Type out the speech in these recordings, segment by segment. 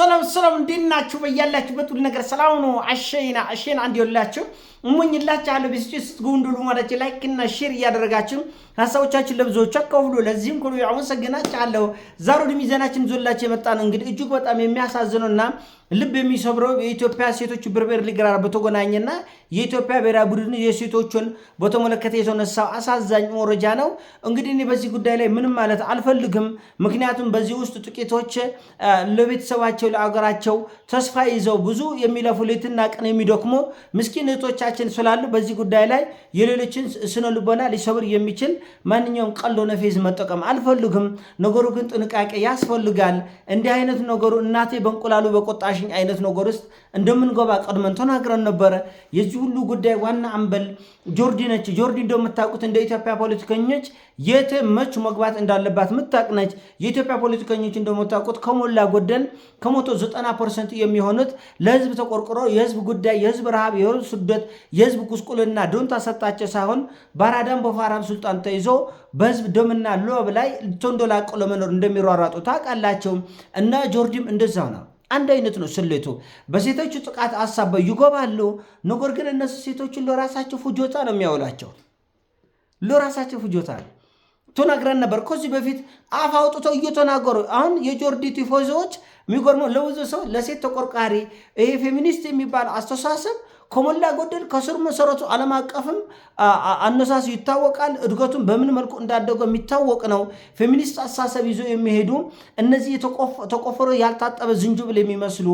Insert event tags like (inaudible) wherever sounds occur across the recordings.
ሰላም ሰላም፣ እንዴት ናችሁ? በያላችሁበት ሁሉ ነገር ሰላም ነው። አሸይና አሸይና አንድ ይላችሁ እሞኝላችሁ አለ ቢስጭ ስጉንዱሉ ማለት ላይክ እና ሼር እያደረጋችሁ ሀሳቦቻችን ለብዙዎች አካፍሉ። ለዚህም ሁሉ አመሰግናችኋለሁ። ዛሬ ወደ ሚዛናችን ዞላችሁ የመጣን እንግዲህ እጅግ በጣም የሚያሳዝነውና ልብ የሚሰብረው የኢትዮጵያ ሴቶች ብርቤር ሊግ ጋር በተገናኘና የኢትዮጵያ ብሔራዊ ቡድን የሴቶቹን በተመለከተ የተነሳው አሳዛኝ መረጃ ነው። እንግዲህ እኔ በዚህ ጉዳይ ላይ ምንም ማለት አልፈልግም። ምክንያቱም በዚህ ውስጥ ጥቂቶች ለቤተሰባቸው ለአገራቸው ተስፋ ይዘው ብዙ የሚለፉ ሌትና ቀን የሚደክሙ ምስኪን እህቶቻችን ስላሉ በዚህ ጉዳይ ላይ የሌሎችን ስነ ልቦና ሊሰብር የሚችል ማንኛውም ቀልዶ ነፌዝ መጠቀም አልፈልግም። ነገሩ ግን ጥንቃቄ ያስፈልጋል። እንዲህ አይነት ነገሩ እናቴ በእንቁላሉ በቆጣሽኝ አይነት ነገር ውስጥ እንደምንገባ ቀድመን ተናግረን ነበረ። የዚህ ሁሉ ጉዳይ ዋና አንበል ጆርዲ ነች። ጆርዲ እንደምታውቁት እንደ ኢትዮጵያ ፖለቲከኞች የት መች መግባት እንዳለባት ምታቅነች። የኢትዮጵያ ፖለቲከኞች እንደምታውቁት ከሞላ ጎደል ከመቶ ዘጠና ፐርሰንት የሚሆኑት ለህዝብ ተቆርቁሮ የህዝብ ጉዳይ፣ የህዝብ ረሃብ፣ የህዝብ ስደት፣ የህዝብ ጉስቁልና ደም ተሰጣቸው ሳይሆን በአራዳም በፋራም ስልጣን ተይዞ በህዝብ ደምና ሎብ ላይ ተንዶላቆ ለመኖር እንደሚሯሯጡ ታውቃላቸው እና ጆርዲም እንደዛው ነው። አንድ አይነት ነው ስሌቱ። በሴቶቹ ጥቃት አሳበው ይጎባሉ። ነገር ግን እነሱ ሴቶቹን ለራሳቸው ፍጆታ ነው የሚያውላቸው ለራሳቸው ፍጆታ ነው። ተናግረን ነበር ከዚህ በፊት አፍ አውጥተው እየተናገሩ አሁን የጆርዲ ቲፎዞዎች የሚጎርመው ለብዙ ሰው ለሴት ተቆርቋሪ ይሄ ፌሚኒስት የሚባል አስተሳሰብ ከሞላ ጎደል ከስር መሰረቱ ዓለም አቀፍም አነሳሱ ይታወቃል። እድገቱን በምን መልኩ እንዳደገው የሚታወቅ ነው። ፌሚኒስት አስተሳሰብ ይዞ የሚሄዱ እነዚህ የተቆፈረ ያልታጠበ ዝንጅብል የሚመስሉ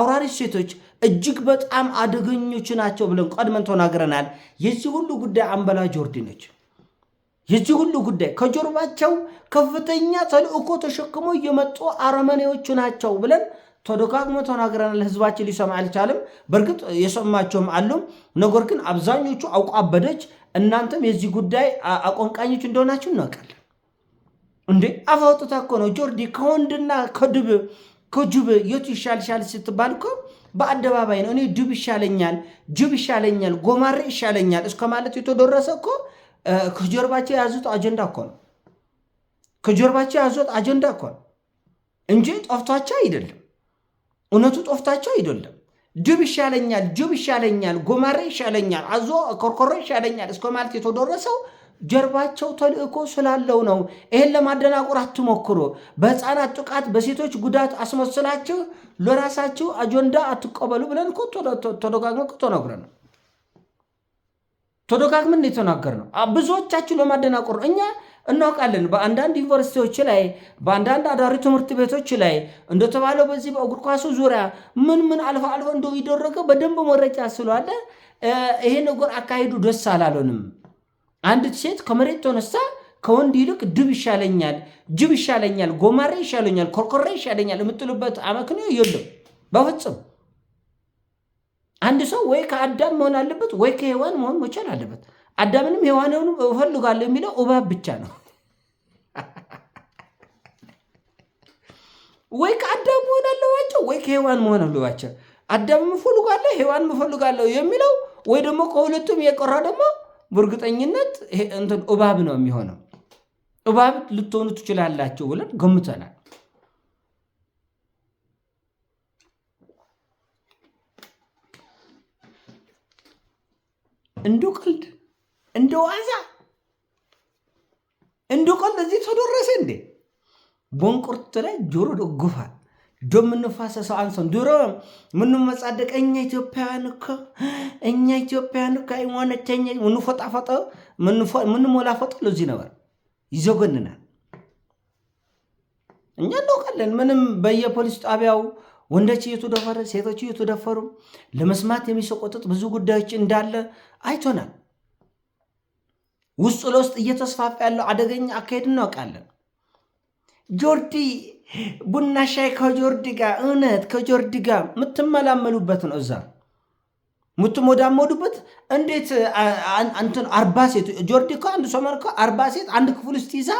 አውራሪስ ሴቶች እጅግ በጣም አደገኞች ናቸው ብለን ቀድመን ተናግረናል። የዚህ ሁሉ ጉዳይ አንበላ ጆርዲ ነች። የዚህ ሁሉ ጉዳይ ከጀርባቸው ከፍተኛ ተልእኮ ተሸክሞ የመጡ አረመኔዎቹ ናቸው ብለን ተደጋግሞ ተናግረናል። ህዝባችን ሊሰማ አልቻለም። በእርግጥ የሰማቸውም አሉ። ነገር ግን አብዛኞቹ አውቆ አበደች። እናንተም የዚህ ጉዳይ አቆንቃኞች እንደሆናችሁ እናውቃለን። እንዴ አፋውጥታ እኮ ነው ጆርዲ ከወንድና ከድብ ከጅብ የቱ ይሻልሻል ስትባል እኮ በአደባባይ ነው እኔ ድብ ይሻለኛል፣ ጅብ ይሻለኛል፣ ጎማሬ ይሻለኛል እስከ ማለት የተደረሰ እኮ ከጀርባቸው የያዙት አጀንዳ እኮ ነው። ከጀርባቸው የያዙት አጀንዳ እኮ ነው እንጂ ጠፍቷቸው አይደለም። እውነቱ ጠፍቷቸው አይደለም። ጅብ ይሻለኛል፣ ጅብ ይሻለኛል፣ ጉማሬ ይሻለኛል፣ አዞ ኮርኮሮ ይሻለኛል እስከ ማለት የተደረሰው ጀርባቸው ተልእኮ ስላለው ነው። ይህን ለማደናቆር አትሞክሩ። በህፃናት ጥቃት፣ በሴቶች ጉዳት አስመስላችሁ ለራሳችሁ አጀንዳ አትቀበሉ ብለን ተደጋግመን ተነግረናል። ተደጋግመን የተናገር ነው። ብዙዎቻችሁ ለማደናቆር እኛ እናውቃለን። በአንዳንድ ዩኒቨርሲቲዎች ላይ በአንዳንድ አዳሪ ትምህርት ቤቶች ላይ እንደተባለው በዚህ በእግር ኳሱ ዙሪያ ምን ምን አልፎ አልፎ እንደው ይደረገ በደንብ መረጃ ስለዋለ ይሄ ነገር አካሄዱ ደስ አላለንም። አንዲት ሴት ከመሬት ተነሳ ከወንድ ይልቅ ድብ ይሻለኛል፣ ጅብ ይሻለኛል፣ ጎማሬ ይሻለኛል፣ ኮርኮሬ ይሻለኛል የምትሉበት አመክንዮ የለም በፍጹም። አንድ ሰው ወይ ከአዳም መሆን አለበት ወይ ከሔዋን መሆን መቻል አለበት። አዳምንም ሔዋንንም እፈልጋለሁ የሚለው እባብ ብቻ ነው። (laughs) ወይ ከአዳም መሆን አለባቸው ወይ ከሔዋን መሆን አለባቸው። አዳም እፈልጋለሁ ሔዋን እፈልጋለሁ የሚለው ወይ ደግሞ ከሁለቱም የቀረ ደግሞ በእርግጠኝነት እባብ ነው የሚሆነው። እባብ ልትሆኑ ትችላላችሁ ብለን ገምተናል። እንደ ቀልድ እንደ ዋዛ እንደ ቀልድ እዚህ ተደረሰ እንዴ? ቦንቁርት ላይ ጆሮ ደግፋል። ደም የምንፋሰሰው አንሰን ድሮ የምንመጻደቅ እኛ ኢትዮጵያውያን እኮ እኛ ኢትዮጵያውያን እኮ ሃይማኖተኛ ምንፎጣፈጠ ምንሞላፈጠ ለዚህ ነበር ይዘገንናል። እኛ እንደውቃለን ምንም በየፖሊስ ጣቢያው ወንዶች እየተደፈረ ሴቶች እየተደፈሩ ለመስማት የሚሰቆጥጥ ብዙ ጉዳዮች እንዳለ አይቶናል። ውስጥ ለውስጥ እየተስፋፋ ያለው አደገኛ አካሄድ እናውቃለን። ጆርዲ ቡና ሻይ ከጆርዲ ጋር እውነት ከጆርዲ ጋር የምትመላመሉበት ነው። እዛ የምትሞዳሞዱበት እንዴት እንትን አርባ ሴት ጆርዲ እኮ አንድ ሰሞን እኮ አርባ ሴት አንድ ክፍል ውስጥ ይዛ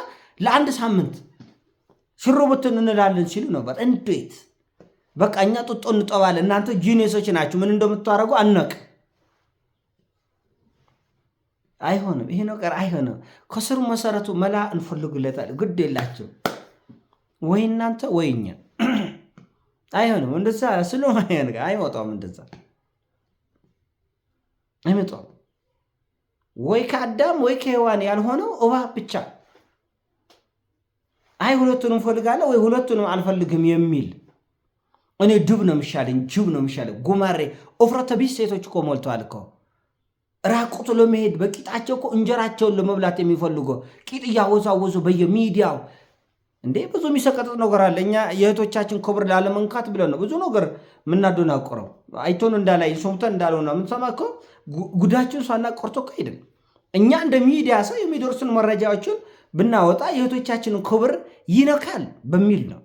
ለአንድ ሳምንት ብትን እንላለን ሲሉ ነበር። እንዴት በቃ እኛ ጡጦ እንጠባለን። እናንተ ጂኒሶች ናችሁ። ምን እንደምታደርጉ አናውቅ። አይሆንም፣ ይሄ ነገር አይሆንም። ከስሩ መሰረቱ መላ እንፈልግለታል። ግድ የላቸው ወይ እናንተ ወይ እኛ። (clears throat) አይሆንም። እንደዛ ስለሆነ አይመጣም። እንደዛ አይመጣም። ወይ ከአዳም ወይ ከሔዋን ያልሆነው እባ ብቻ። አይ ሁለቱንም ፈልጋለሁ ወይ ሁለቱንም አልፈልግም የሚል እኔ ድብ ነው የሚሻለኝ፣ ጅብ ነው የሚሻለኝ። ጉማሬ ቢስ ሴቶች እኮ ሞልተዋል እኮ ራቁት ለመሄድ በቂጣቸው እኮ እንጀራቸውን ለመብላት የሚፈልጉ ቂጥ እያወዛወዙ በየሚዲያው እንዴ ብዙ የሚሰቀጥጥ ነገር አለ። እኛ የእህቶቻችን ክብር ላለመንካት ብለን ነው ብዙ ነገር ምናዶን አቁረው አይቶን እንዳላይ ሰምተን እንዳልሆነ የምንሰማ እኮ ጉዳችን ሷና ቆርቶ ከሄድን እኛ እንደ ሚዲያ ሰው የሚደርሱን መረጃዎችን ብናወጣ የእህቶቻችን ክብር ይነካል በሚል ነው።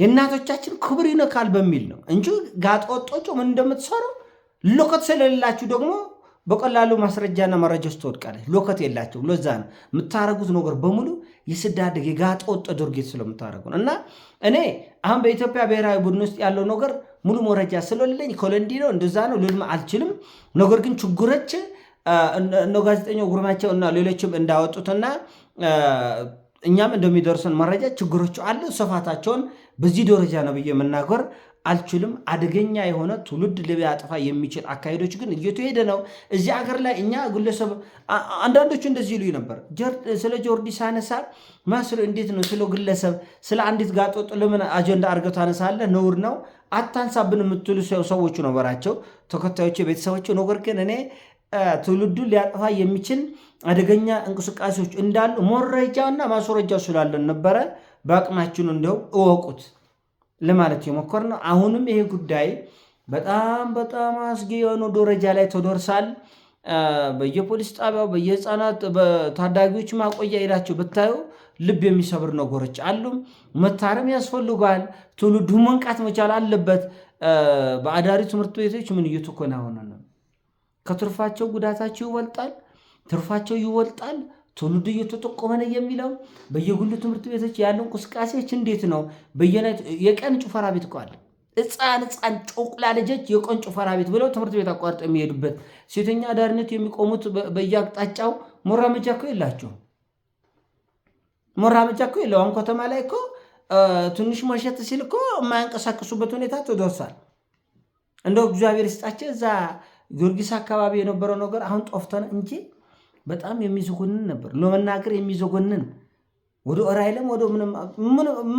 የእናቶቻችን ክብር ይነካል በሚል ነው እንጂ ጋጠወጦቹ ምን እንደምትሰሩ ሎከት ስለሌላችሁ ደግሞ በቀላሉ ማስረጃና መረጃ ውስጥ ትወድቃለች። ሎከት የላቸውም። ለዛ ነው የምታደረጉት ነገር በሙሉ የስዳደግ የጋጠ ወጥ ድርጊት ነው። እና እኔ አሁን በኢትዮጵያ ብሔራዊ ቡድን ውስጥ ያለው ነገር ሙሉ መረጃ ስለሌለኝ ኮለንዲ ነው እንደዛ ነው ልልም አልችልም። ነገር ግን ችግሮች እነ ጋዜጠኛው ጉርማቸው እና ሌሎችም እንዳወጡትና እኛም እንደሚደርሱን መረጃ ችግሮቹ አለ ስፋታቸውን በዚህ ደረጃ ነው ብዬ መናገር አልችልም። አደገኛ የሆነ ትውልድ ሊያጠፋ የሚችል አካሄዶች ግን እየተሄደ ነው። እዚህ ሀገር ላይ እኛ ግለሰብ አንዳንዶቹ እንደዚህ ይሉኝ ነበር። ስለ ጆርዲ ሳነሳ ማስሎ እንዴት ነው ስለ ግለሰብ ስለ አንዲት ጋጦጥ ለምን አጀንዳ አድርገው ታነሳለህ? ነውር ነው አታንሳብን የምትሉ ሰዎቹ ነበራቸው ተከታዮች፣ ቤተሰቦች። ነገር ግን እኔ ትውልዱን ሊያጠፋ የሚችል አደገኛ እንቅስቃሴዎች እንዳሉ መረጃና ማስረጃ ስላለን ነበረ በአቅማችን እንደው እወቁት ለማለት የሞከር ነው። አሁንም ይሄ ጉዳይ በጣም በጣም አስጊ የሆነ ደረጃ ላይ ተደርሳል። በየፖሊስ ጣቢያው በየህፃናት በታዳጊዎች ማቆያ ሄዳቸው ብታዩ ልብ የሚሰብር ነገሮች አሉ። መታረም ያስፈልጓል ትውልዱ መንቃት መቻል አለበት። በአዳሪ ትምህርት ቤቶች ምን እየተኮናሆነ ነው? ከትርፋቸው ጉዳታቸው ይወልጣል፣ ትርፋቸው ይወልጣል። ትውልዱ እየተጠቆመ ነው የሚለው በየጉል ትምህርት ቤቶች ያለው እንቅስቃሴዎች እንዴት ነው? የቀን ጭፈራ ቤት እኮ አለ። ህፃን ሕፃን ጮቁላ ልጆች የቀን ጭፈራ ቤት ብለው ትምህርት ቤት አቋርጠው የሚሄዱበት ሴተኛ አዳሪነት የሚቆሙት በየአቅጣጫው መራመጃ እኮ የላቸውም። መራመጃ እኮ የለውም። ከተማ ላይ እኮ ትንሽ መሸት ሲል እኮ የማያንቀሳቀሱበት ሁኔታ ተደርሷል። እንደው እግዚአብሔር ይስጣቸው። እዛ ጊዮርጊስ አካባቢ የነበረው ነገር አሁን ጦፍተን እንጂ በጣም የሚዘጎንን ነበር፣ ለመናገር የሚዘጎንን ወደ ኦራይለም ወደ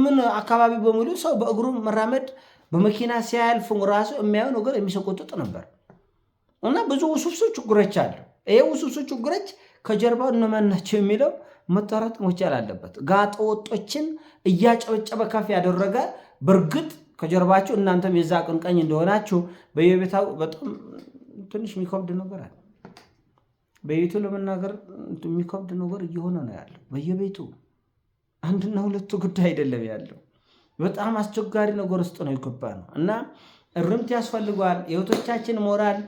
ምን አካባቢ በሙሉ ሰው በእግሩ መራመድ በመኪና ሲያልፍ ራሱ የሚያዩ ነገር የሚሰቆጥጥ ነበር እና ብዙ ውስብስብ ችግሮች አሉ። ይሄ ውስብስብ ችግሮች ከጀርባ እነማን ናቸው የሚለው መጣራት መቻል አለበት። ጋጠ ወጦችን እያጨበጨበ ከፍ ያደረገ በእርግጥ ከጀርባችሁ እናንተም የዛ ቅንቀኝ እንደሆናችሁ በየቤታው በጣም ትንሽ የሚከብድ ነገር አለ። በቤቱ ለመናገር የሚከብድ ነገር እየሆነ ነው ያለው። በየቤቱ አንድና ሁለቱ ጉዳይ አይደለም ያለው። በጣም አስቸጋሪ ነገር ውስጥ ነው የገባ ነው እና እርምት ያስፈልገዋል። የእህቶቻችን ሞራል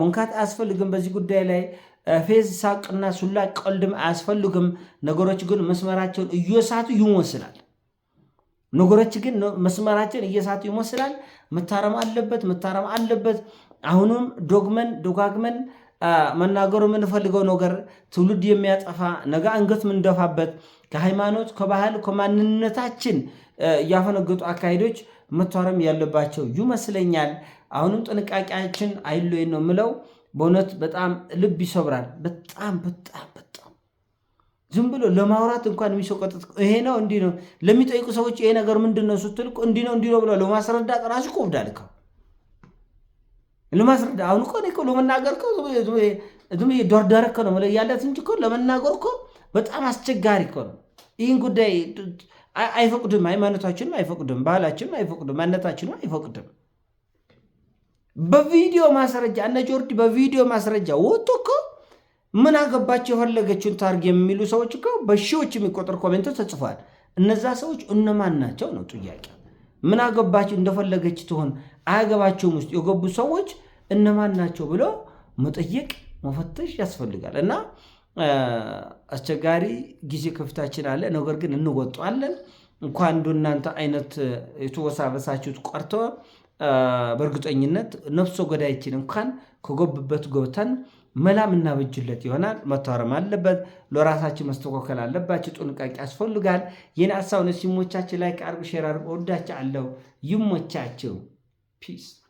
መንካት አያስፈልግም። በዚህ ጉዳይ ላይ ፌዝ ሳቅና ሱላ ቀልድም አያስፈልግም። ነገሮች ግን መስመራቸውን እየሳቱ ይመስላል። ነገሮች ግን መስመራቸውን እየሳቱ ይመስላል። መታረም አለበት፣ መታረም አለበት። አሁንም ዶግመን ደጋግመን መናገሩ የምንፈልገው ነገር ትውልድ የሚያጠፋ ነገ አንገት የምንደፋበት ከሃይማኖት፣ ከባህል፣ ከማንነታችን እያፈነገጡ አካሄዶች መታረም ያለባቸው ይመስለኛል። አሁንም ጥንቃቄያችን አይሎይ ነው የምለው። በእውነት በጣም ልብ ይሰብራል። በጣም በጣም በጣም ዝም ብሎ ለማውራት እንኳን የሚሰቆጥጥ ይሄ ነው እንዲህ ነው ለሚጠይቁ ሰዎች ይሄ ነገር ምንድን ነው ስትልቁ እንዲህ ነው እንዲህ ነው ብሎ ለማስረዳት ራሱ ይቆብዳል። ለማስረዳ አሁን እኮ እኔ እኮ ለመናገር እኮ ዝም ዶርደር እኮ ነው ያለት እንጂ እኮ ለመናገር እኮ በጣም አስቸጋሪ እኮ ነው። ይህን ጉዳይ አይፈቅድም፣ ሃይማኖታችንም አይፈቅድም፣ ባህላችንም አይፈቅድም፣ ማነታችንም አይፈቅድም። በቪዲዮ ማስረጃ እነ ጆርዲ በቪዲዮ ማስረጃ ወጡ እኮ ምን አገባቸው የፈለገችውን ታርግ የሚሉ ሰዎች እኮ በሺዎች የሚቆጠር ኮሜንቶ ተጽፏል። እነዛ ሰዎች እነማን ናቸው ነው ጥያቄ። ምን አገባቸው እንደፈለገች ትሆን አያገባቸውም ውስጥ የገቡ ሰዎች እነማን ናቸው ብሎ መጠየቅ መፈተሽ ያስፈልጋል እና አስቸጋሪ ጊዜ ከፊታችን አለ። ነገር ግን እንወጣዋለን። እንኳን እንደ እናንተ አይነት የተወሳበሳችሁት ቀርቶ በእርግጠኝነት ነፍሶ ገዳይችን እንኳን ከገቡበት ገብተን መላም እናበጅለት ይሆናል። መታረም አለበት። ለራሳችን መስተካከል አለባቸው። ጥንቃቄ ያስፈልጋል። ይህን ሀሳብ ሲሞቻችን ላይ ከአርብ ሼር አድርጎ ወዳች አለው ይሞቻቸው። Peace.